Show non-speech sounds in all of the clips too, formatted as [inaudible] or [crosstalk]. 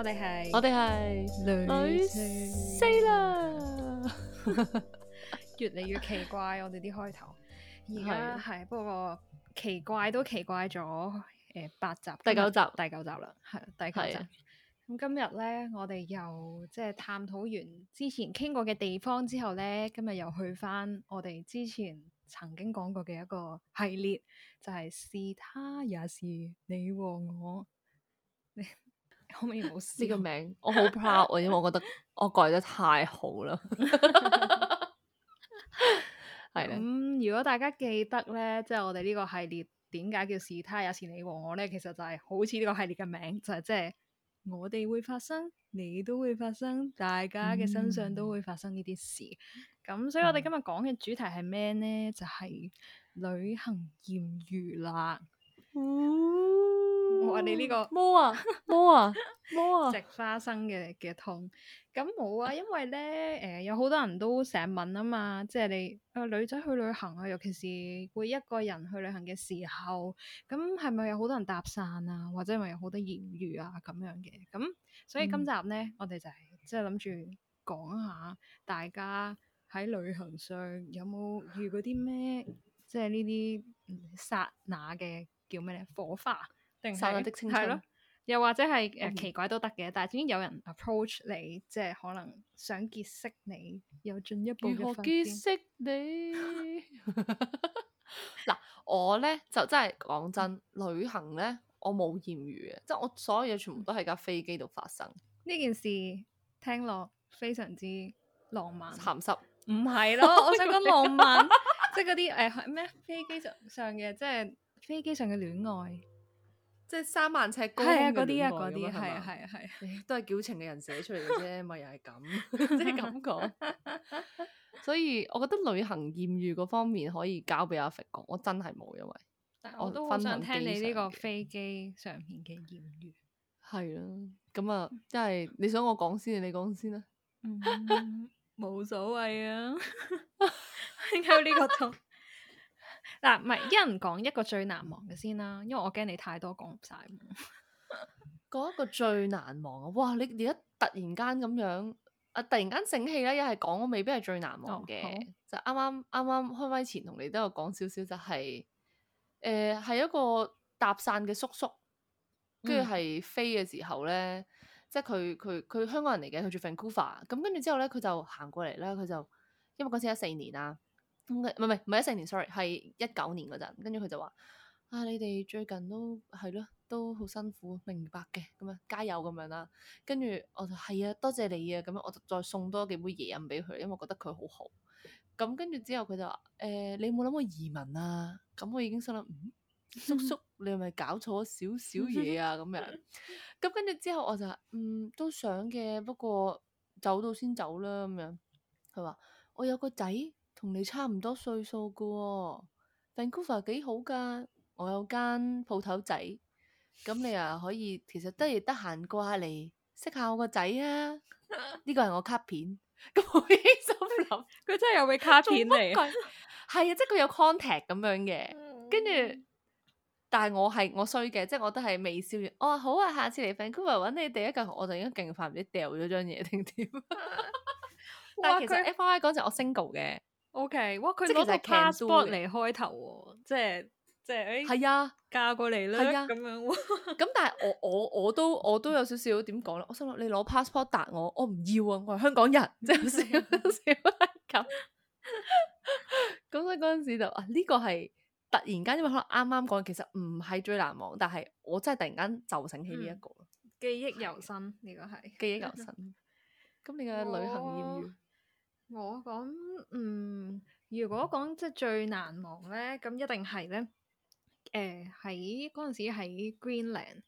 我哋係，我哋係旅娘啦娘 [laughs] 越嚟越奇怪，我哋啲開頭，而家係，不過奇怪都奇怪咗，誒、呃、八集,第九集,第九集，第九集，第九集啦，係第九集。咁今日咧，我哋又即係、就是、探討完之前傾過嘅地方之後咧，今日又去翻我哋之前曾經講過嘅一個系列，就係是他也是你和我。我未冇知個名，我好 proud 喎， [laughs] 因為我覺得我改得太好啦。係啦，咁如果大家記得咧，即係我哋呢個系列點解叫是他也是你和我咧，其實就係好似呢個系列嘅名，就係即係我哋會發生，你都會發生，大家嘅身上都會發生呢啲事。咁、嗯、所以我哋今日講嘅主題係咩咧？就係、是、旅行艷遇啦。嗯我哋呢個冇啊，冇啊，冇啊， [laughs] 食花生嘅嘅痛咁冇啊，因為咧誒、呃，有好多人都成日問啊嘛，即係你誒、呃、女仔去旅行啊，尤其是會一個人去旅行嘅時候，咁係咪有好多人搭訕啊，或者係咪有好多豔遇啊咁樣嘅？咁所以今集咧，嗯、我哋就係即係諗住講下大家喺旅行上有冇遇過啲咩，即係呢啲剎那嘅叫咩咧？火花？定晒的青春係咯，又或者係誒奇怪都得嘅。但係總之，有人 approach 你，即係可能想結識你，又進一步如何結識你嗱。 [laughs] 我咧就真係講真，嗯、旅行咧我冇艷遇嘅，即係我所有嘢全部都喺架飛機度發生呢、嗯、件事。聽落非常之浪漫，咸濕唔係咯，我想講浪漫， [laughs] 即係嗰啲誒咩飛機上上嘅，即係飛機上嘅戀愛。即係三萬尺光嘅嗰啲啊，嗰啲係啊係啊係啊，都係矯情嘅人寫出嚟嘅啫，咪又係咁，即係咁講。所以我覺得旅行艷遇嗰方面可以交俾阿肥 i 講，我真係冇，因為我，分我都好想聽你呢個飛機上面嘅艷遇。係啦，咁啊，即係你想我講先定你講先啊？嗯，冇所謂啊，有 [laughs] 呢個痛。 [laughs] 嗱，唔係一人講一個最難忘嘅先啦，因為我驚你太多講唔晒。講一個最難忘啊！哇，你而家突然間咁樣啊，突然間正氣啦，又係講我未必係最難忘嘅。哦、就啱啱啱啱開咪前同你都有講少少，就係誒係一個搭訕嘅叔叔，跟住係飛嘅時候咧，即係佢佢佢香港人嚟嘅，佢住 Vancouver。咁，跟住之後咧，佢就行過嚟啦，佢就因為嗰時一四年啊。唔係唔係一四年，sorry，係一九年嗰陣。跟住佢就話啊，你哋最近都係咯，都好辛苦，明白嘅咁樣，加油咁樣啦。跟住我就係啊，多謝你啊，咁樣我就再送多幾杯嘢飲俾佢，因為覺得佢好好。咁跟住之後佢就話誒、呃，你有冇諗過移民啊？咁我已經心諗、嗯，叔叔你係咪搞錯咗少少嘢啊？咁樣，咁跟住之後我就話嗯，都想嘅，不過走到先走啦。咁樣，佢話我有個仔。同你差唔多歲數噶，Vancouver 幾好噶，我有間鋪頭仔，咁你又可以，其實得意得閒過下嚟識下我個仔啊，呢個係我卡片。咁我已依心諗，佢真係有未卡片嚟？係啊， [laughs] 即係佢有 contact 咁樣嘅，跟住、 [laughs] 嗯， [laughs] 但係我係我衰嘅，即係我都係未笑完。哦，好啊，下次嚟 Vancouver 揾你第一個，我就應該勁快唔知掉咗張嘢定點。 [laughs] 但係其實 FY 嗰陣我，我 single 嘅。O、okay. K，哇！佢攞個 passport 嚟開頭喎，即係即係，哎，係啊，嫁過嚟喇，係啊，咁樣，咁但係我我我都我都有少少點講啦，我心諗你攞 passport 答我，我唔要啊，我係香港人，即係好笑，笑死咁。咁所以嗰陣時就啊，呢、這個係突然間，因為可能啱啱講，其實唔係最難忘，但係我真係突然間就醒起呢、這、一個、嗯、記憶猶新，呢是個係記憶猶新。咁 [laughs] 你嘅旅行豔遇？啊我講，嗯，如果講即係最難忘咧，咁一定係咧，誒、呃，喺嗰陣時喺 Greenland，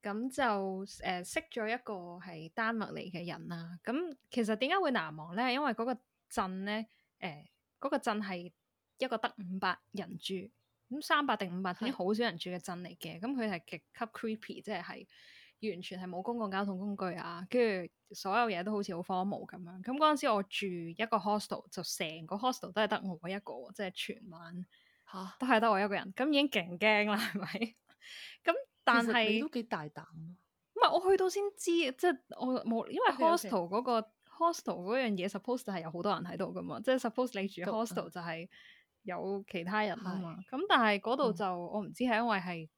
咁就誒、呃、識咗一個係丹麥嚟嘅人啦。咁其實點解會難忘咧？因為嗰個鎮咧，誒、呃，嗰、嗰個鎮係一個得五百人住，咁三百定五百，已經好少人住嘅鎮嚟嘅。咁佢係極級 creepy，即係係。完全係冇公共交通工具啊，跟住所有嘢都好似好荒蕪咁樣。咁嗰陣時我住一個 hostel，就成個 hostel 都係得我一個，即係全晚吓都係得我一個人。咁哈已經勁驚啦，係咪？咁 [laughs] 但係是你都幾大膽咯、啊？唔係我去到先知，即係我冇因為 hostel 嗰個 Okay, okay. hostel 嗰樣嘢 suppose 就係有好多人喺度噶嘛，即係 suppose 你住 hostel、嗯、就係有其他人啊嘛。咁是但係嗰度就、嗯、我唔知係因為係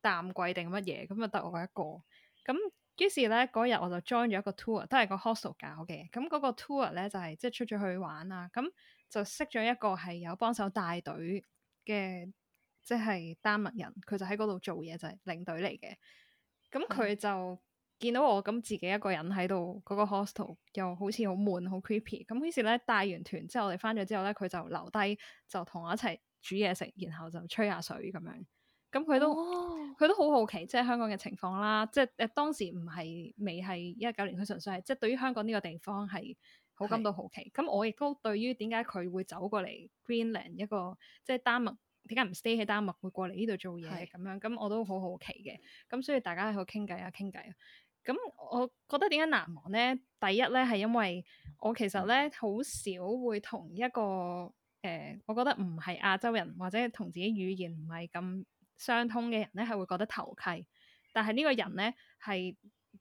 淡季定乜嘢，咁就得我一個。咁於是咧，嗰日我就 join 咗一個 tour，都係個 hostel 搞嘅。咁嗰個 tour 咧就係即係出咗去玩啊。咁就識咗一個係有幫手帶隊嘅，即係丹麥人。佢就喺嗰度做嘢就係領隊嚟嘅。咁佢就見到我咁自己一個人喺度嗰個 hostel，又好似好悶好 creepy。咁於是咧，帶完團之後，我哋翻咗之後咧，佢就留低就同我一齊煮嘢食，然後就吹下水咁樣。咁佢都佢、oh. 都好好奇，即係香港嘅情況啦。即係誒當時唔係未係一九年，佢純粹係即係對於香港呢個地方係好感到好奇。咁是我亦都對於點解佢會走過嚟 Greenland 一個即係丹麥，點解唔 stay 喺丹麥，會過嚟呢度做嘢咁是樣？咁我都好好奇嘅。咁所以大家喺度傾偈啊，傾偈、啊。咁我覺得點解難忘咧？第一咧係因為我其實咧好少會同一個誒、呃，我覺得唔係亞洲人或者同自己語言唔係咁。相通嘅人咧，係會覺得投契。但係呢個人咧，係誒、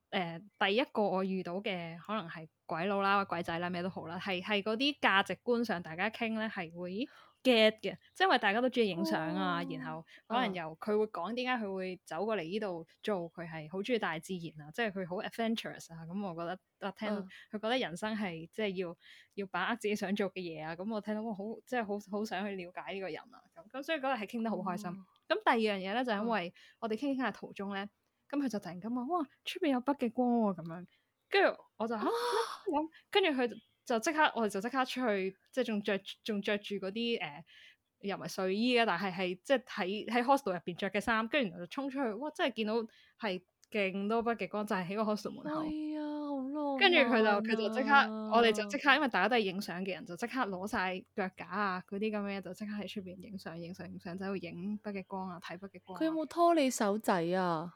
呃、第一個我遇到嘅，可能係鬼佬啦、或鬼仔啦，咩都好啦，係係嗰啲價值觀上大家傾咧，係會 get 嘅。即係因為大家都中意影相啊，哦哦然後可能由佢會講點解佢會走過嚟呢度做，佢係好中意大自然啊，即係佢好 adventurous 啊。咁、嗯、我覺得啊，聽到佢覺得人生係即係要要把握自己想做嘅嘢啊。咁、嗯、我聽到我好即係好好想去了解呢個人啊。咁咁所以嗰日係傾得好開心。哦哦咁第二樣嘢咧，就、嗯，因為我哋傾傾下途中咧，咁佢就突然咁話，哇，出邊有北極光啊咁樣，跟住我就吓咁，跟住佢就即刻，我哋就即刻出去，即係仲着仲着住嗰啲誒又唔係睡衣啊，但係係即係睇喺 hostel 入邊着嘅衫，跟住就衝出去，哇，真係見到係勁多北極光，就係喺個 hostel 門口。哎跟住佢就佢就即刻，我哋就即刻，因為大家都係影相嘅人，就即刻攞晒腳架啊，嗰啲咁嘅就即刻喺出邊影相，影相影相，就喺度影北極光啊，睇北極光。佢有冇拖你手仔啊？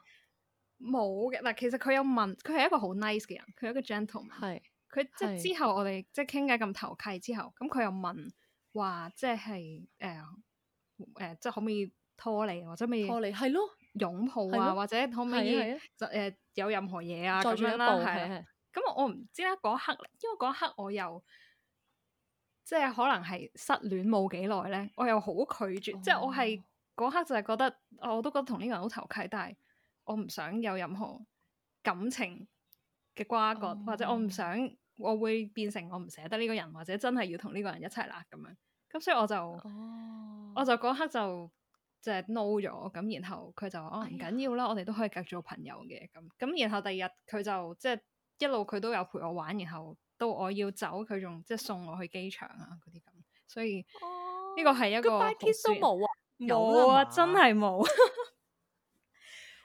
冇嘅嗱，其實佢有問，佢係一個好 nice 嘅人，佢係一個 gentleman。係佢即係之後，我哋即係傾偈咁投契之後，咁佢又問話，即係誒誒，即係可唔可以拖你，或者咪拖你係咯擁抱啊，或者可唔可以誒有任何嘢啊咁樣啦，係。咁、嗯、我唔知啦，嗰刻，因為嗰刻我又即係可能係失戀冇幾耐咧，我又好拒絕，oh. 即係我係嗰刻就係覺得我都覺得同呢個人好投契，但係我唔想有任何感情嘅瓜葛，oh. 或者我唔想我會變成我唔捨得呢個人，或者真係要同呢個人一齊啦咁樣。咁所以我就、oh. 我就嗰刻就就是、no 咗，咁然後佢就話唔緊要啦，oh. 我哋都可以繼續做朋友嘅咁。咁然，然後第二日佢就即係。一路佢都有陪我玩，然後到我要走，佢仲即係送我去機場啊，嗰啲咁。所以呢個係一個，都冇啊，有啊，真係冇。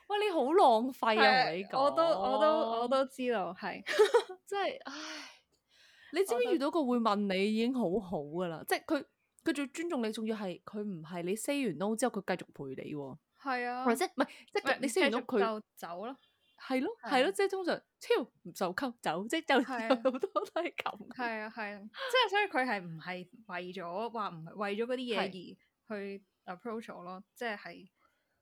喂，你好浪費啊！你講，我都我都我都知道，係即係唉。你知唔知遇到個會問你已經好好噶啦？即係佢佢仲尊重你，仲要係佢唔係你 say 完 no 之後，佢繼續陪你。係啊，或者唔係即係你 say 完 no 佢就走咯。係咯，係咯，的的即係通常超唔受溝走，即係就有好多都係咁。係啊，係啊，即係所以佢係唔係為咗話唔係為咗嗰啲嘢而去 approach 我咯，的即係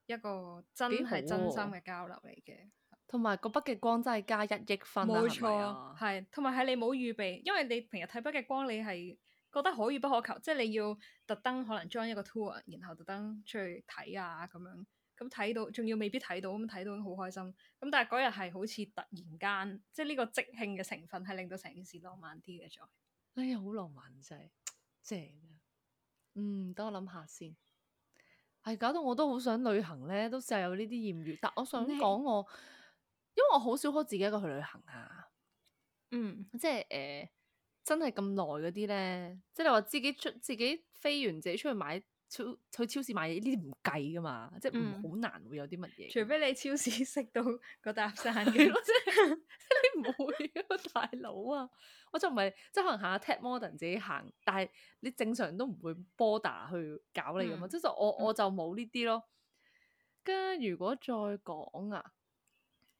一個真係真心嘅交流嚟嘅。同埋個北極光真係加一億分啊！冇錯，係同埋係你冇預備，因為你平日睇北極光，你係覺得可遇不可求，即係你要特登可能裝一個 tour，然後特登出去睇啊咁樣。咁睇到，仲要未必睇到，咁睇到好開心。咁但係嗰日係好似突然間，即係呢個即興嘅成分係令到成件事浪漫啲嘅。再哎呀，好浪漫真係正啊！嗯，等我諗下先。係搞到我都好想旅行咧，都試下有呢啲豔遇。但我想講我，你因為我好少可自己一個去旅行啊。嗯，即係誒、呃，真係咁耐嗰啲咧，即係你話自己出自己飛完自己出去買。超去超市買嘢呢啲唔計噶嘛，即係唔好難會有啲乜嘢。除非你超市食到個搭訕嘅咯，即係你唔會啊，大佬啊！我就唔係，即係可能行下 Tate Modern 自己行，但係你正常都唔會 bother 去搞你噶嘛。即係、嗯、我我就冇呢啲咯。咁如果再講啊，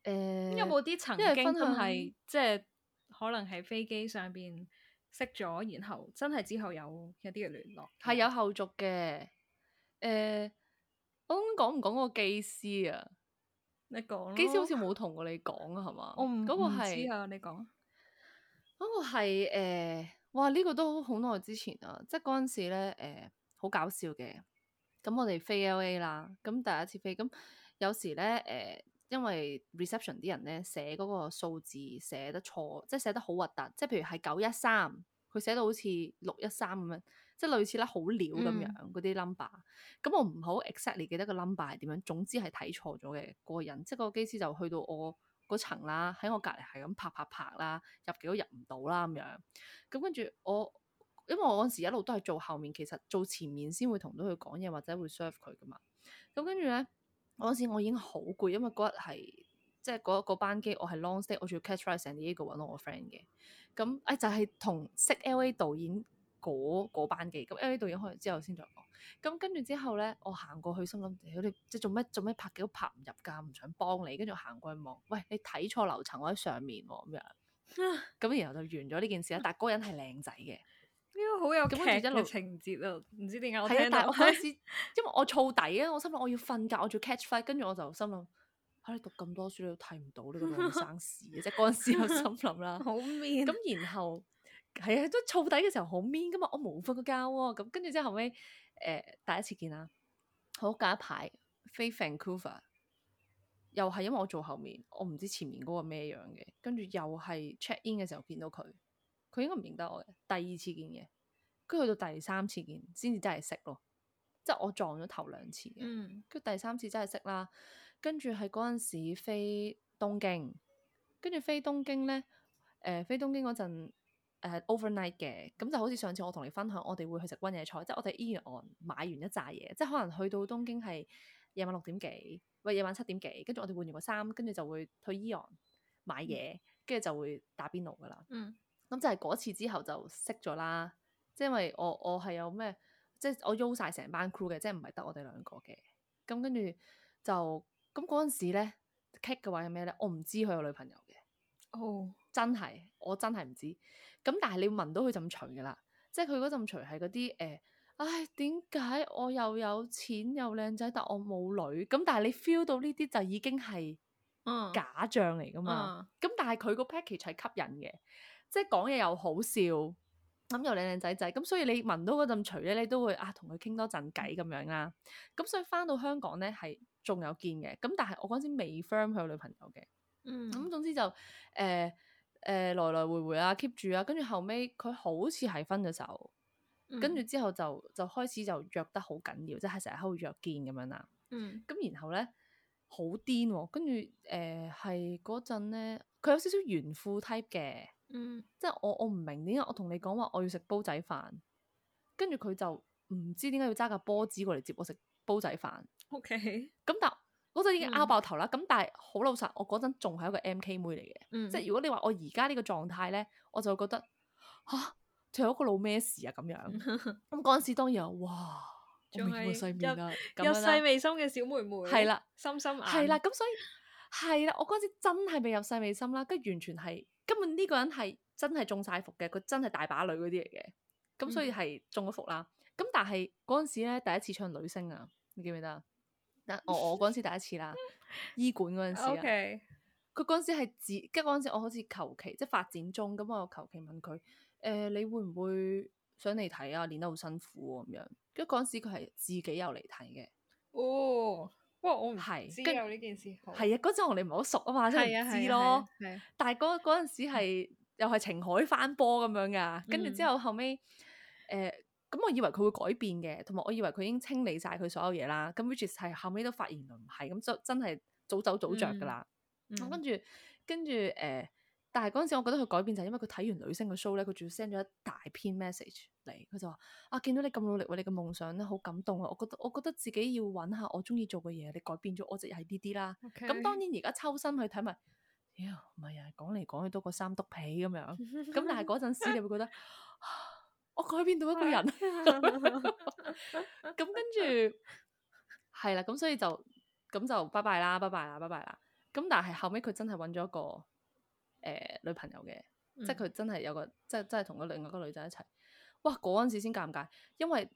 誒、呃，有冇啲曾經係即係可能喺飛機上邊？識咗，然後真係之後有，有一啲嘅聯絡，係有後續嘅。誒、呃，我講唔講個機師啊？你，師你講，機師好似冇同過你講啊，係嘛？嗰個係，你講嗰個係誒，哇！呢、這個都好耐之前啊，即係嗰陣時咧，誒、呃，好搞笑嘅。咁我哋飛 L A 啦，咁第一次飛，咁有時咧，誒、呃。因為 reception 啲人咧寫嗰個數字寫得錯，即係寫得，得好核突，即係譬如係九一三，佢寫到好似六一三咁樣，即係類似咧好料咁樣嗰啲 number。咁、嗯、我唔好 exactly 記得個 number 係點樣，總之係睇錯咗嘅個人。即係個機師就去到我嗰層啦，喺我隔離係咁拍拍拍啦，入幾都入唔到啦咁樣。咁跟住我，因為我嗰時一路都係做後面，其實做前面先會同到佢講嘢或者會 serve 佢㗎嘛。咁跟住咧。嗰陣時我已經好攰，因為嗰日係即係嗰一個班機，我係 long stay，我仲要 catch ride 成幾個揾我個 friend 嘅。咁、哎、誒就係、是、同識 L.A. 導演嗰班機，咁 L.A. 導演開完之後先再講。咁、嗯、跟住之後咧，我行過去心諗，你即係做咩做咩拍嘅都拍唔入㗎，唔想幫你。跟住我行過去望，喂，你睇錯樓層，我喺上面喎、哦、咁樣。咁然後就完咗呢件事啦。但係個人係靚仔嘅。好有劇嘅情節啊！唔知點解我睇、啊，但我開始， [laughs] 因為我燥底啊，我心諗我要瞓覺，我做 catch flight 跟住我就心諗，喺、啊、哋讀咁多書你都睇唔到，呢、這個都生事嘅啫。嗰陣、啊、時我心諗啦，好 mean！咁，然後係啊，都燥底嘅時候好 mean 噶嘛，我冇瞓過覺啊。咁跟住之後尾誒第一次見啊，好隔一排，飛 Vancouver，又係因為我做後面，我唔知前面嗰個咩樣嘅，跟住又係 check in 嘅時候見到佢，佢應該唔認得我嘅，第二次見嘅。跟住去到第三次見，先至真係識咯，即係我撞咗頭兩次，嗯，跟住第三次真係識啦。跟住喺嗰陣時飛東京，跟住飛東京咧，誒、呃、飛東京嗰陣、呃、overnight 嘅，咁就好似上次我同你分享，我哋會去食温野菜，即係我哋 Eon 買完一扎嘢，即係可能去到東京係夜晚六點幾，或者夜晚七點幾，跟住我哋換完個衫，跟住就會去 Eon 買嘢，跟住、嗯、就會打邊爐噶啦。嗯，咁就係嗰次之後就識咗啦。即係因為我我係有咩，即係我邀晒成班 crew 嘅，即係唔係得我哋兩個嘅。咁跟住就咁嗰陣時咧，Kay 嘅話係咩咧？我唔知佢有女朋友嘅。哦，真係，我真係唔知。咁但係你聞到佢浸除嘅啦，即係佢嗰陣除係嗰啲誒，唉點解我又有錢又靚仔，但我冇女？咁但係你 feel 到呢啲就已經係假象嚟噶嘛？咁、嗯嗯、但係佢個 package 係吸引嘅，即係講嘢又好笑。咁、嗯、又靚靚仔仔，咁、嗯、所以你聞到嗰陣除咧，你都會啊同佢傾多陣偈咁樣啦。咁、嗯嗯、所以翻到香港咧，係仲有見嘅。咁但係我嗰陣未 firm 佢女朋友嘅。嗯。咁總之就誒誒、呃呃、來來回回啊 keep 住啊，跟住後尾，佢好似係分咗手，跟住之後就就開始就約得好緊要，即係成日喺度約見咁樣啦。咁、嗯、然後咧好癲喎，跟住誒係嗰陣咧，佢、呃、有少少炫富 type 嘅。嗯，即係我我唔明點解我同你講話我要食煲仔飯，跟住佢就唔知點解要揸架波子過嚟接我食煲仔飯。O K，咁但我陣已經拗爆頭啦。咁但係好老實，我嗰陣仲係一個 M K 妹嚟嘅。即係如果你話我而家呢個狀態咧，我就會覺得吓，仲有一個老咩事啊咁樣，咁嗰陣時當然啊，哇，仲係入入世未深嘅小妹妹係啦，心心眼係啦。咁所以係啦，我嗰陣時真係未有世未深啦，跟住完全係。根本呢個人係真係中晒伏嘅，佢真係大把女嗰啲嚟嘅，咁所以係中咗伏啦。咁、嗯、但係嗰陣時咧，第一次唱女聲啊，你記唔記得啊？ [laughs] 我我嗰陣時第一次啦， [laughs] 醫館嗰陣時啊，佢嗰陣時係自，跟住嗰時我好似求其，即、就、係、是、發展中咁我求其問佢誒、呃，你會唔會上嚟睇啊？練得好辛苦喎、啊、咁樣。跟住嗰時佢係自己又嚟睇嘅。哦。不哇！我唔知有呢是跟件事，係啊，嗰陣我哋唔係好熟啊嘛，先、啊、知咯。啊啊啊、但係嗰、嗰陣時係、啊啊啊、又係情海翻波咁樣噶，跟住、嗯、之後後尾，誒、呃，咁我以為佢會改變嘅，同埋我以為佢已經清理晒佢所有嘢啦。咁 which is 係後尾都發現唔係，咁就真係早走早着噶啦。咁、嗯嗯、跟住跟住誒、呃，但係嗰陣時我覺得佢改變就係、是、因為佢睇完女星嘅 show 咧，佢仲要 send 咗一大篇 message。嚟，佢就話啊見到你咁努力喎、啊，你嘅夢想咧好感動啊！我覺得我覺得自己要揾下我中意做嘅嘢。你改變咗我，即係呢啲啦。咁當然而家抽身去睇埋，唔係啊！講嚟講去都個三幅被咁樣。咁 [laughs] 但係嗰陣時你會覺得、 [laughs] 啊、我改變到一個人。咁、 [laughs] 嗯嗯、跟住係啦，咁所以就咁就拜拜啦，拜拜啦，拜拜啦。咁但係後尾，佢真係揾咗一個誒、呃、女朋友嘅，即係佢真係有個，即係真係同咗另外一個女仔一齊。 [laughs] 哇！嗰陣時先尷尬，因為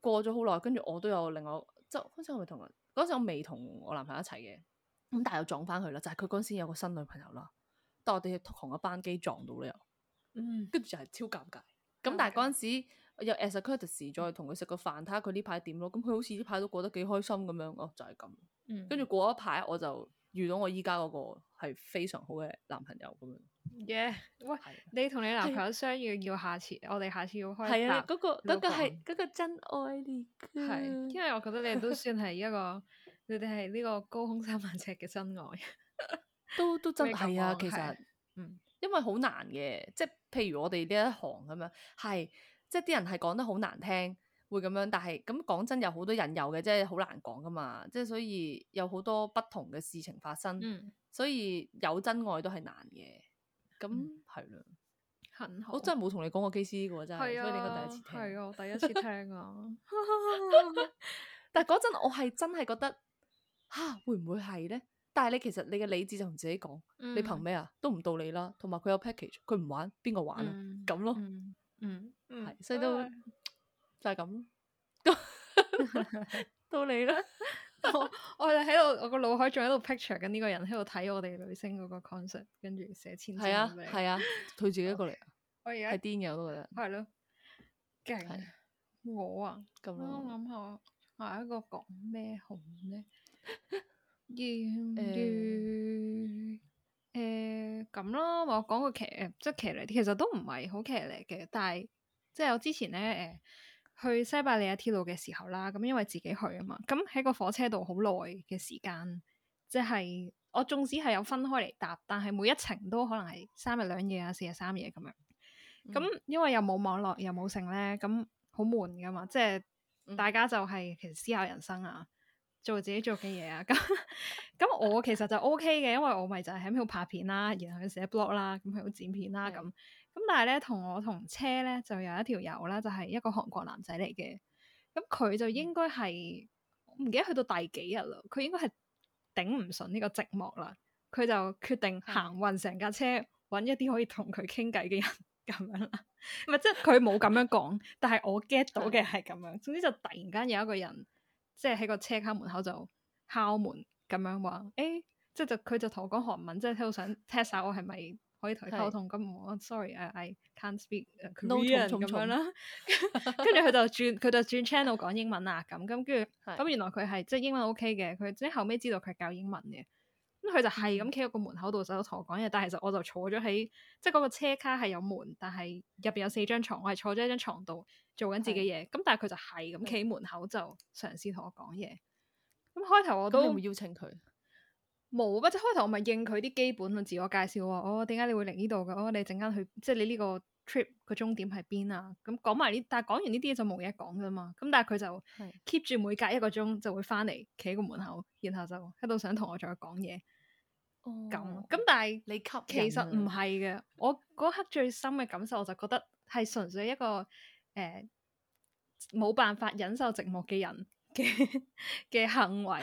過咗好耐，跟住我都有另外，即嗰陣時我咪同，嗰陣時我未同我男朋友一齊嘅，咁但係又撞翻佢啦，就係佢嗰陣時有個新女朋友啦，但我哋同一班機撞到咧又，跟住、嗯、就係超尷尬。咁、嗯、但係嗰陣時又 as a courtesy 再同佢食個飯，睇下佢呢排點咯。咁佢好似呢排都過得幾開心咁、啊就係、樣，哦、嗯，就係咁。跟住過一排我就遇到我依家嗰個係非常好嘅男朋友咁樣。Yeah 喂，你同你男朋友相約要下次，我哋下次要開。係啊，嗰個嗰個係嗰個真愛嚟噶。係，因為我覺得你哋都算係一個，你哋係呢個高空三萬尺嘅真愛，都都真係啊。其實，嗯，因為好難嘅，即係譬如我哋呢一行咁樣，係即係啲人係講得好難聽，會咁樣。但係咁講真，有好多引誘嘅，即係好難講噶嘛。即係所以有好多不同嘅事情發生，所以有真愛都係難嘅。.咁係、嗯、好。我真係冇同你講過機師嘅真係啊，係啊的，我第一次聽啊， [laughs] [laughs] 但係嗰陣我係真係覺得，吓、啊、會唔會係咧？但係你其實你嘅理智就同自己講，嗯、你憑咩啊？都唔到你啦，同埋佢有 package，佢唔玩邊個玩啊？咁、嗯、咯，嗯嗯，係，所以都、嗯、就係咁，都 [laughs] [laughs] 到你啦。 [laughs] [laughs] 我我哋喺度，我個腦海仲喺度 picture 緊呢個人喺度睇我哋女星嗰個 concert 跟住寫千字。係啊，係啊，佢自己一個嚟啊。我而家係癲嘅，我都覺得。係咯，勁。我啊，咁諗下下一個講咩好咧？誒誒，咁咯，我講個騎誒，即係騎嚟，其實都唔係好騎嚟嘅，但係即係我之前咧誒。呃去西伯利亞鐵路嘅時候啦，咁因為自己去啊嘛，咁喺個火車度好耐嘅時間，即係我縱使係有分開嚟搭，但係每一程都可能係三日兩夜啊，四日三夜咁樣，咁、嗯、因為又冇網絡又冇成咧，咁好悶噶嘛，即係大家就係其實思考人生啊，嗯、做自己做嘅嘢啊，咁咁 [laughs] [laughs] 我其實就 O K 嘅，因為我咪就係喺度拍片啦，然後，然後去寫 blog 啦，咁喺度剪片啦咁。嗯咁但係咧，同我同車咧就有一條友啦，就係、是、一個韓國男仔嚟嘅。咁佢就應該係我唔記得去到第幾日啦，佢應該係頂唔順呢個寂寞啦。佢就決定行運成架車，揾一啲可以同佢傾偈嘅人咁樣啦。唔 [laughs] 係，即係佢冇咁樣講， [laughs] 但係我 get 到嘅係咁樣。總之就突然間有一個人，即係喺個車卡門口就敲門咁樣話，誒、欸，即係就佢、是、就同我講韓文，即係佢好想 test 下我係咪。可以同佢溝通，咁是我 sorry，I can't speak，Korean 啦。跟住佢就轉，佢就轉 channel 講英文啊，咁咁跟住，咁是原來佢係即係英文 OK 嘅，佢即係後尾知道佢係教英文嘅。咁佢就係咁企喺個門口度，就同、嗯、我講嘢。但係其實我就坐咗喺，即係嗰個車卡係有門，但係入邊有四張床。我係坐咗一張床度做緊自己嘢。咁是但係佢就係咁企門口、嗯、就嘗試同我講嘢。咁開頭我都冇邀請佢。冇啊！即係開頭我咪應佢啲基本個自我介紹喎。哦，點解你會嚟呢度噶？哦，你陣間去，即係你呢個 trip 個終點喺邊啊？咁、嗯、講埋呢，但係講完呢啲嘢就冇嘢講噶嘛。咁但係佢就 keep 住每隔一個鐘就會翻嚟企喺個門口，然後就一度想同我再講嘢。咁咁、哦，但係你吸其實唔係嘅。我嗰刻最深嘅感受，我就覺得係純粹一個誒，冇、呃、辦法忍受寂寞嘅人。嘅嘅 [laughs] 行為，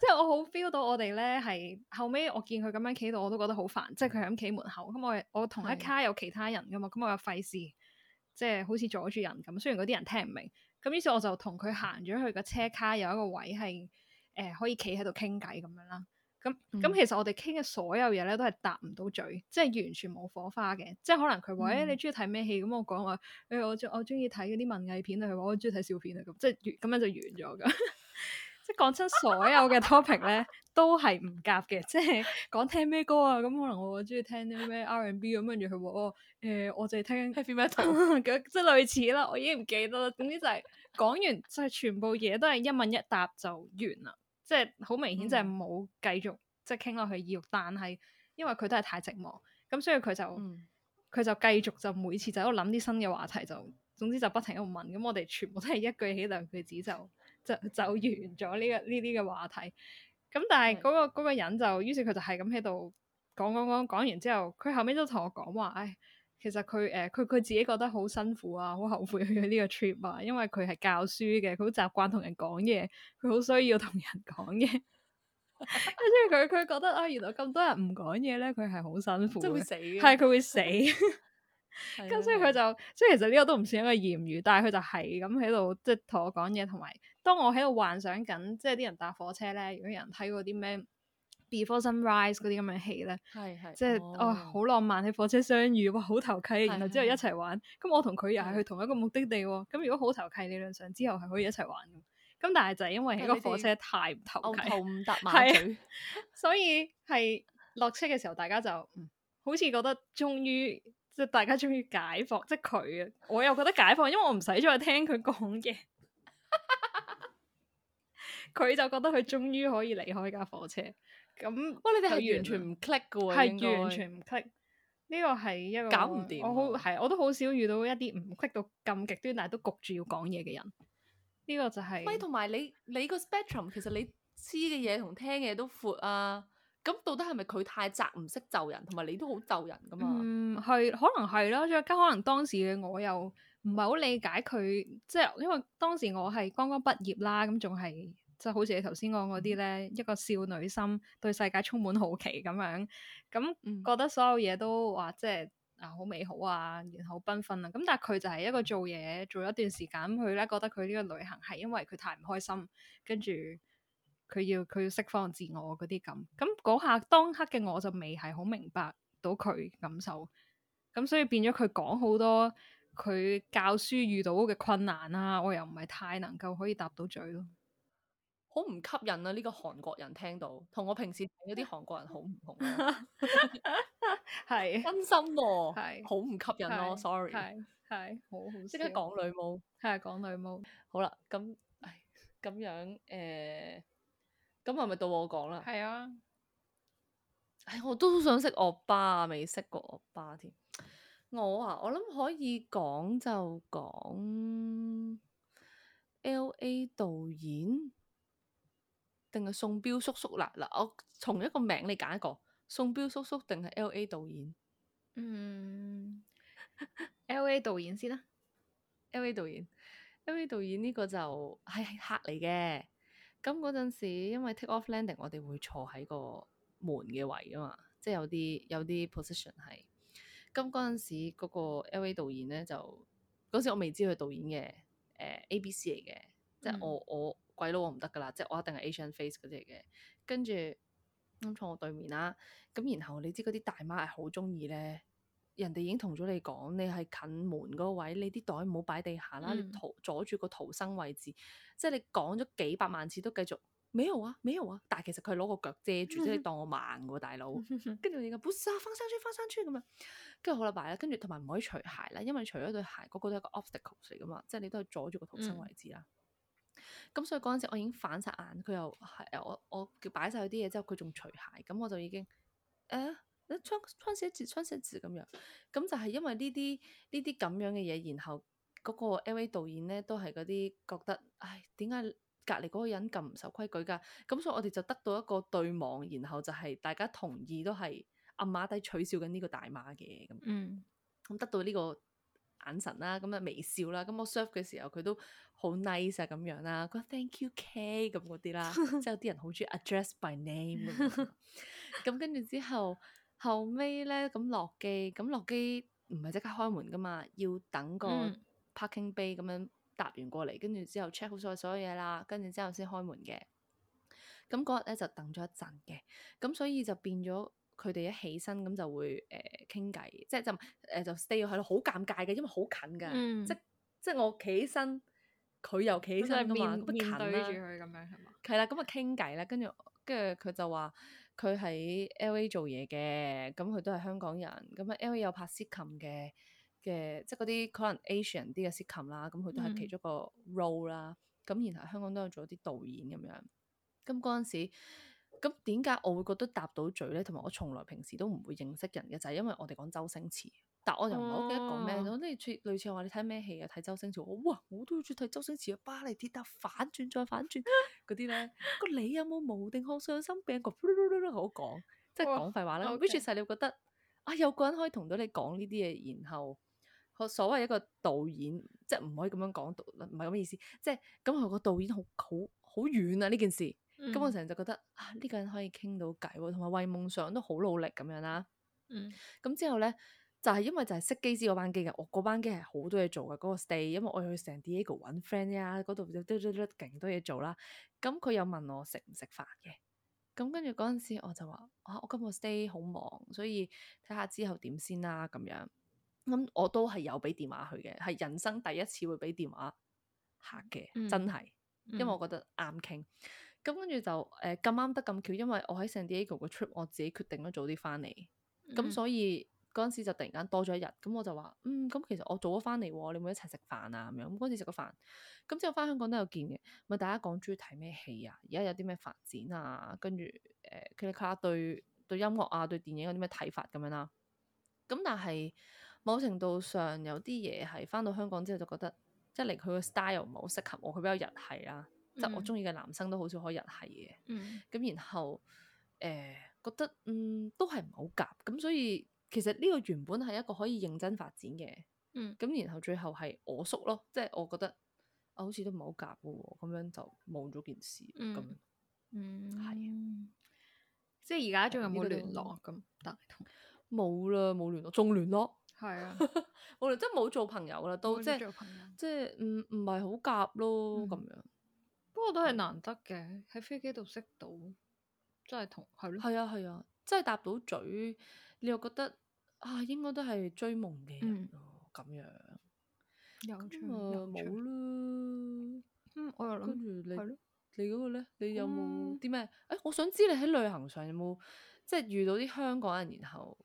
即係我好 feel 到我哋咧，係 [laughs] 後尾我見佢咁樣企度，我都覺得好煩。 [laughs] 即係佢喺咁企門口，咁我我同一卡有其他人噶嘛，咁我又費事，即係好似阻住人咁。雖然嗰啲人聽唔明，咁於是我就同佢行咗去個車卡，有一個位係誒、呃、可以企喺度傾偈咁樣啦。咁咁，嗯、其實我哋傾嘅所有嘢咧，都係答唔到嘴，即係完全冇火花嘅。即係可能佢話誒，你中意睇咩戲？咁我講話誒，我中、欸、我中意睇嗰啲文藝片啊。佢話我中意睇笑片啊。咁即係咁樣就完咗噶。 [laughs] [laughs] 即係講出所有嘅 topic 咧，都係唔夾嘅。即係講聽咩歌啊？咁可能我中意聽啲咩 R and B 咁，跟住佢話我誒，我淨係聽 heavy metal 咁， [laughs] [laughs] 即係類似啦。我已經唔記得啦。總之就係、是、講完就係全部嘢都係一問一答就完啦。即係好明顯，即係冇繼續、嗯、即係傾落去意欲，但係因為佢都係太寂寞，咁所以佢就佢、嗯、就繼續就每次就喺度諗啲新嘅話題就，就總之就不停喺度問，咁我哋全部都係一句起兩句止，就就就完咗呢個呢啲嘅話題。咁但係嗰、嗰個嗰、嗯、個人就，於是佢就係咁喺度講講講講完之後，佢後尾都同我講話，唉。其實佢誒，佢、呃、佢自己覺得好辛苦啊，好後悔去呢個 trip 啊，因為佢係教書嘅，佢好習慣同人講嘢，佢好需要同人講嘢。跟住佢佢覺得啊、哎，原來咁多人唔講嘢咧，佢係好辛苦，真會死嘅，係佢會死。咁所以佢就，即係其實呢個都唔算一個艷遇，但係佢就係咁喺度，即係同我講嘢，同埋當我喺度幻想緊，即係啲人搭火車咧，如果有人睇過啲咩 Before Sunrise 嗰啲咁嘅戲咧，即係啊，好浪漫喺火車相遇，哇，好投契，然後之後一齊玩。咁我同佢又係去同一個目的地喎。咁如果好投契，理論上之後係可以一齊玩。咁但係就係因為喺個火車太唔投契，唔搭埋佢，所以係落車嘅時候，大家就好似覺得終於即係大家終於解放，即係佢啊！我又覺得解放，因為我唔使再聽佢講嘢，佢就覺得佢終於可以離開架火車。咁哇，哦，你哋係完全唔 click 嘅喎，係完全唔 click。呢個係一個搞唔掂。我好係，我都好少遇到一啲唔 click 到咁極端，但係都焗住要講嘢嘅人。呢、這個就係、是。喂，同埋你你個 spectrum，其實你知嘅嘢同聽嘅嘢都闊啊。咁到底係咪佢太窄唔識就人，同埋你都好就人㗎嘛？嗯，係可能係囉，再加可能當時嘅我又唔係好理解佢，即、就、係、是、因為當時我係剛剛畢業啦，咁仲係。即係好似你頭先講嗰啲咧，一個少女心對世界充滿好奇咁樣，咁覺得所有嘢都話即係啊好美好啊，然後繽紛啦、啊。咁但係佢就係一個做嘢做一段時間，佢咧覺得佢呢個旅行係因為佢太唔開心，跟住佢要佢要釋放自我嗰啲咁。咁嗰下當刻嘅我就未係好明白到佢感受，咁所以變咗佢講好多佢教書遇到嘅困難啊，我又唔係太能夠可以答到嘴咯。好唔吸引啊！呢個韓國人聽到同我平時睇嗰啲韓國人好唔同，係真心喎，好唔吸引咯。Sorry，係係好好，即刻講女巫，係講女巫。好啦，咁咁樣誒，咁係咪到我講啦？係啊，唉，我都想識 Oppa 未識過 Oppa 添。我啊，我諗可以講就講 L.A. 導演。定係宋彪叔叔啦，嗱我從一個名你揀一個，宋彪叔叔定係 L A 導演？嗯 [laughs] ，L A 導演先啦，L A 導演，L A 導演呢個就係客嚟嘅。咁嗰陣時，因為 take off landing，我哋會坐喺個門嘅位啊嘛，即係有啲有啲 position 係。咁嗰陣時，嗰個 L A 導演咧就，嗰時我未知佢導演嘅，誒 A B C 嚟嘅，嗯、即係我我。我鬼佬我唔得噶啦，即係我一定係 Asian face 嗰隻嘅。跟住咁坐我對面啦，啊，咁然後你知嗰啲大媽係好中意咧，人哋已經同咗你講，你係近門嗰位，你啲袋唔好擺地下啦，嗯、你逃阻住個逃生位置，即係你講咗幾百萬次都繼續，沒有啊，沒有啊。但係其實佢攞個腳遮住， [laughs] 即係當我盲喎大佬。跟住 [laughs] 你依本不啊，翻山出、翻山出咁樣，跟住好啦，擺啦，跟住同埋唔可以除鞋啦，因為除咗對鞋，鞋鞋一個一個都係個 obstacles 嚟噶嘛，即係你都係阻住個逃生位置啦。嗯咁所以嗰陣時我已經反晒眼，佢又係我我擺晒佢啲嘢之後，佢仲除鞋，咁我就已經誒，你、啊、穿穿寫字穿寫字咁樣，咁就係因為呢啲呢啲咁樣嘅嘢，然後嗰個 LA 導演咧都係嗰啲覺得，唉，點解隔離嗰個人咁唔守規矩噶？咁所以我哋就得到一個對望，然後就係大家同意都係暗啞底取笑緊呢個大媽嘅咁，嗯，咁得到呢、這個。眼神啦，咁啊微笑啦，咁、嗯、我 serve 嘅時候佢都好 nice 啊咁樣啦，佢話 thank you Kay 咁嗰啲啦，之後啲人好中意 address by name，咁跟住之後後尾咧咁落機，咁落機唔係即刻開門噶嘛，要等個 parking bay 咁樣搭完過嚟，跟住、嗯、之後 check 好曬所有嘢啦，跟住之後先開門嘅，咁嗰日咧就等咗一陣嘅，咁所以就變咗。佢哋一起身咁就會誒傾偈，即係、呃、就誒就 stay 喺度好尷尬嘅，因為好近噶、嗯，即即我企起身，佢又企起身，面對住佢咁樣係嘛？係啦、啊，咁啊傾偈啦，跟住跟住佢就話佢喺 L.A. 做嘢嘅，咁佢都係香港人，咁 L.A. 有拍 sitcom 嘅嘅，即係嗰啲可能 Asian 啲嘅 sitcom 啦，咁佢都係其中一個 role 啦、嗯，咁然後，然後香港都有做啲導演咁樣，咁嗰陣時。咁點解我會覺得搭到嘴咧？同埋我從來平時都唔會認識人嘅，就係、是、因為我哋講周星馳。但我又唔係好記得講咩咯。好似、啊、類似話你睇咩戲啊？睇周星馳，我話，哇！我都要接睇周星馳嘅《巴黎鐵塔》反轉再反轉嗰啲咧。個 [laughs] 你有冇無定向喪心病個？好講，即係講廢話啦。which is 使你覺得啊，有個人可以同到你講呢啲嘢，然後所謂一個導演，即係唔可以咁樣講，唔係咁意思。即係咁，佢個導演好好好遠啊！呢件事。咁、嗯、我成日就覺得啊，呢、這個人可以傾到偈喎，同埋為夢想都好努力咁樣啦、啊。咁、嗯、之後咧就係、是、因為就係識機師嗰班機嘅，我嗰班機係好多嘢做嘅嗰、那個 stay，因為我要去 San Diego 揾 friend 呀，嗰度嘟勁多嘢做啦。咁佢有問我食唔食飯嘅，咁跟住嗰陣時我就話啊，我今日 stay 好忙，所以睇下之後點先啦咁樣。咁我都係有俾電話佢嘅，係人生第一次會俾電話客嘅，真係，因為我覺得啱傾。咁跟住就誒咁啱得咁巧，因為我喺聖地亞哥個 trip，我自己決定咗早啲翻嚟，咁、mm hmm. 所以嗰陣時就突然間多咗一日，咁我就話嗯，咁其實我早咗翻嚟喎，你唔一齊食飯啊咁樣。咁嗰陣時食個飯，咁之後翻香港都有見嘅，咪大家講中意睇咩戲啊，而家有啲咩發展啊，跟住誒，Kiki 對對音樂啊，啊，對電影有啲咩睇法咁、啊、樣啦。咁但係某程度上有啲嘢係翻到香港之後就覺得即一嚟佢個 style 唔係好適合我，佢比較日系啦、啊。即我中意嘅男生都好少可以日系嘅，咁、嗯、然後誒、呃、覺得嗯都係唔好夾，咁、嗯、所以其實呢個原本係一個可以認真發展嘅，咁、嗯、然後最後係我縮咯，即係我覺得啊好似都唔好夾嘅，咁樣就冇咗件事咁，嗯係那、嗯，即係而家仲有冇聯絡啊？咁但係冇啦，冇聯絡，仲、嗯、聯絡係啊，我哋真係冇做朋友啦，都即係即係唔唔係好夾咯咁樣。不個都係難得嘅，喺、嗯、飛機度識到，真係同係咯。係啊係啊，真係搭到嘴，你又覺得啊，應該都係追夢嘅人咯，咁、嗯、樣。嗯、有趣，有冇啦。嗯，我又諗。係咯。的你嗰個咧？你有冇啲咩？誒、嗯欸，我想知你喺旅行上有冇，即、就、係、是、遇到啲香港人，然後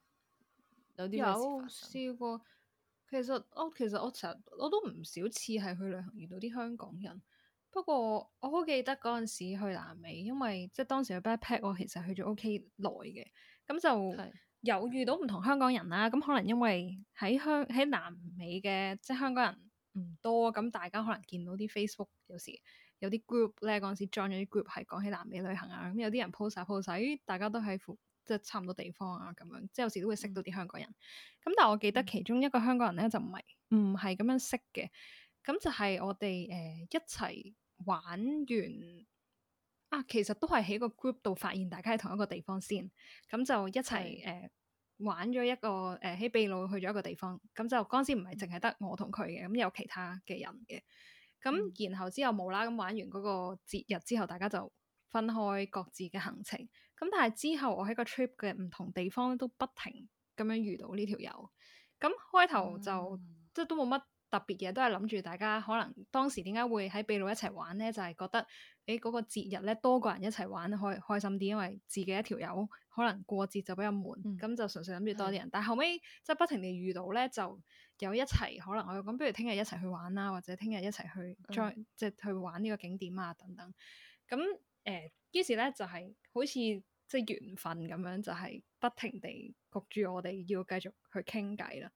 有啲咩事發有試過其、哦。其實我其實我其實我都唔少次係去旅行遇到啲香港人。不過我好記得嗰陣時去南美，因為即係當時嘅 Backpack，我其實去咗 O K 耐嘅，咁就有遇到唔同香港人啦。咁的可能因為喺香喺南美嘅即係香港人唔多，咁大家可能見到啲 Facebook 有時有啲 group 咧，嗰陣時 join 咗啲 group 係講起南美旅行啊。咁有啲人 post 下 post 下，咦大家都喺即係差唔多地方啊，咁樣即係有時都會識到啲香港人。咁但係我記得其中一個香港人咧就唔係唔係咁樣識嘅，咁就係我哋誒、呃、一齊。玩完啊，其實都係喺個 group 度發現大家喺同一個地方先，咁就一齊誒對、呃、玩咗一個誒喺、呃、秘魯去咗一個地方，咁就陣時唔係淨係得我同佢嘅，咁、嗯、有其他嘅人嘅，咁然後之後冇啦，咁玩完個節日之後大家就分開各自嘅行程，咁但係之後我喺個 trip 嘅唔同地方都不停咁樣遇到呢條友，咁開頭就、嗯、即係都冇乜。特別嘢都係諗住大家可能當時點解會喺秘魯一齊玩咧？就係、是、覺得誒嗰、欸嗰個節日咧多個人一齊玩開開心啲，因為自己一條友可能過節就比較悶。咁、嗯、就純粹諗住多啲人，是的 但後尾即係不停地遇到咧，就有一齊可能我咁，不如聽日一齊去玩啦，或者聽日一齊去再即係去玩呢個景點啊等等。咁誒、呃，於是咧就係、是、好似即係緣分咁樣，就係、是、不停地焗住我哋要繼續去傾偈啦。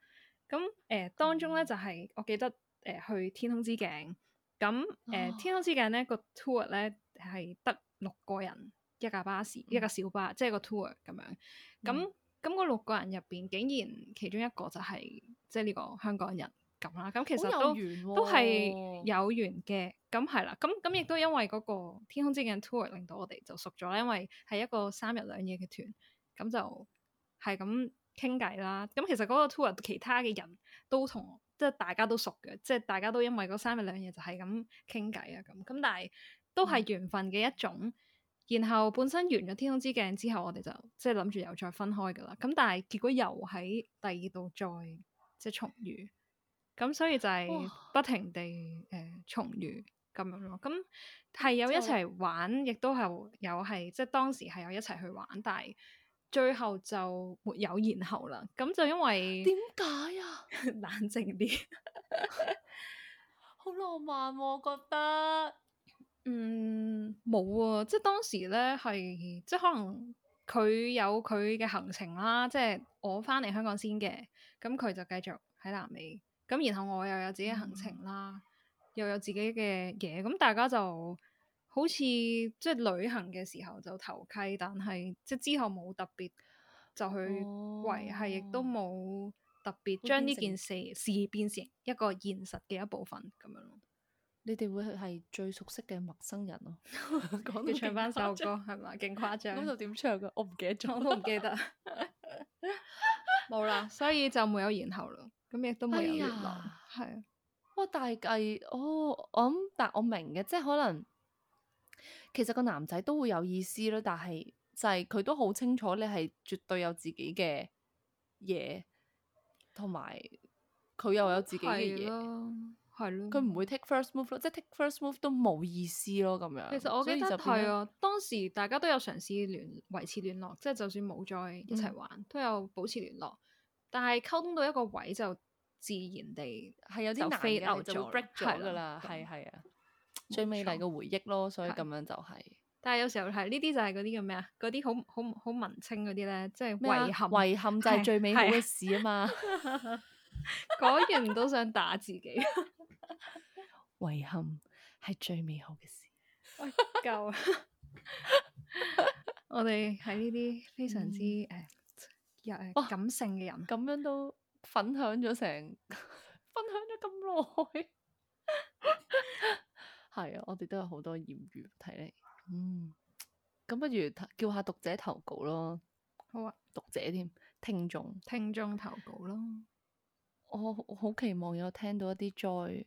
咁誒、呃、當中咧就係、是、我記得誒、呃、去天空之鏡，咁誒、呃、天空之鏡咧個 tour 咧係得六個人，一架巴士，一個小巴，即係個 tour 咁樣。咁咁嗰六個人入邊，竟然其中一個就係即係呢個香港人咁啦。咁其實都都係有緣嘅、啊。咁係啦，咁咁亦都因為嗰個天空之鏡 tour 令到我哋就熟咗啦，因為係一個三日兩夜嘅團，咁就係咁。傾偈啦，咁其實嗰個 tour 其他嘅人都同即係大家都熟嘅，即係大家都因為嗰三日兩夜就係咁傾偈啊咁，咁但係都係緣分嘅一種。嗯、然後本身完咗天空之鏡之後，我哋就即係諗住又再分開㗎喇。咁但係結果又喺第二度再即係重遇，咁所以就係不停地誒、哦呃、重遇咁樣囉。咁係有一齊玩，亦就都係有係即係當時係有一齊去玩，但係。最後就沒有然後啦，咁就因為，為 [laughs] 冷靜點解啊？冷靜啲，好浪漫、喎、我覺得，嗯，冇啊，即係當時咧係，即可能佢有佢嘅行程啦，即、就是、我翻嚟香港先嘅，咁佢就繼續喺南美，咁然後我又有自己行程啦，嗯、又有自己嘅嘢，咁大家就。好似即係旅行嘅時候就投契，但係即係之後冇特別就去維繫，亦都冇特別將呢件事事變成一個現實嘅一部分咁樣咯。你哋會係最熟悉嘅陌生人咯、啊。 [laughs] 講唱翻首歌係咪？勁誇張咁就點唱嘅？我唔記得，我都唔記得。冇 [laughs] 啦， [laughs] 所以就冇有然後啦。咁亦都冇有然後。係、哎、呀 啊，不大計哦，我諗，但我明嘅，即係可能。其實個男仔都會有意思咯，但係就係佢都好清楚你係絕對有自己嘅嘢，同埋佢又有自己嘅嘢，係咯，佢唔會 take first move 咯，即係 take first move 都冇意思咯，咁樣。其實我記得係啊，當時大家都有嘗試聯維持聯絡，即係就算冇再一齊玩，嗯、都有保持聯絡，但係溝通到一個位就自然地係有啲難嘅，就會 break 咗㗎啦，係係啊。最美麗嘅回憶咯，錯所以咁樣就係、是。但係有時候係呢啲就係嗰啲叫咩啊？嗰啲好好好文青嗰啲咧，即係遺憾。遺憾就係最美好嘅事啊嘛。果然 [laughs] 都想打自己。遺 [laughs] 憾係最美好嘅事。夠啦、啊！ [laughs] [laughs] 我哋喺呢啲非常之誒，又誒、嗯啊、感性嘅人，咁、啊、樣都分享咗成，分享咗咁耐。 [laughs] 係啊，我哋都有好多豔遇睇咧。嗯，咁不如叫下讀者投稿咯。好啊，讀者添，聽眾聽眾投稿咯。我我好期望有聽到一啲再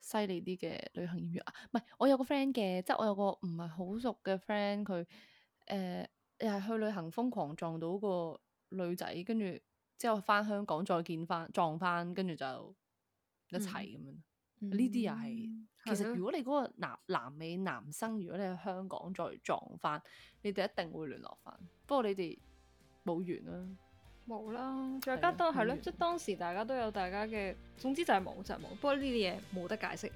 犀利啲嘅旅行豔遇啊！唔係，我有個 friend 嘅，即係我有個唔係好熟嘅 friend，佢誒又係去旅行瘋狂撞到個女仔，跟住之後翻香港再見翻撞翻，跟住就一齊咁樣。嗯呢啲又係，其實如果你嗰個南南美男生，如果你喺香港再撞翻，你哋一定會聯絡翻。不過你哋冇緣啦，冇啦，大加多係咯，即係當時大家都有大家嘅，總之就係冇就係冇。不過呢啲嘢冇得解釋，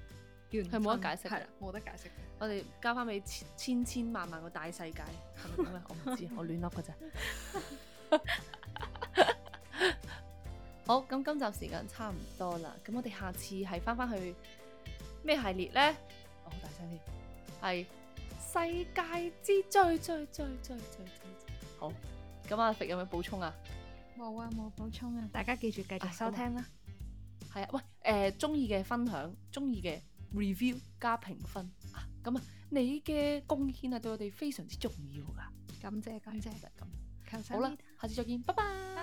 係冇得解釋，係啦，冇得解釋。我哋交翻俾千千千萬萬個大世界，係咪咁咧？我唔知，我亂笠噶咋。好，咁今集時間差唔多啦，咁我哋下次係翻翻去咩系列咧？哦，好大聲啲，係世界之最最最最最最。好，咁阿肥有冇補充啊冇啊，冇補充啊。大家記住繼續收聽啦。係啊，喂，誒，中意嘅分享，中意嘅 review 加評分啊，咁啊，你嘅貢獻啊，對我哋非常之重要噶。感謝，感謝。好啦，下次再見，拜拜。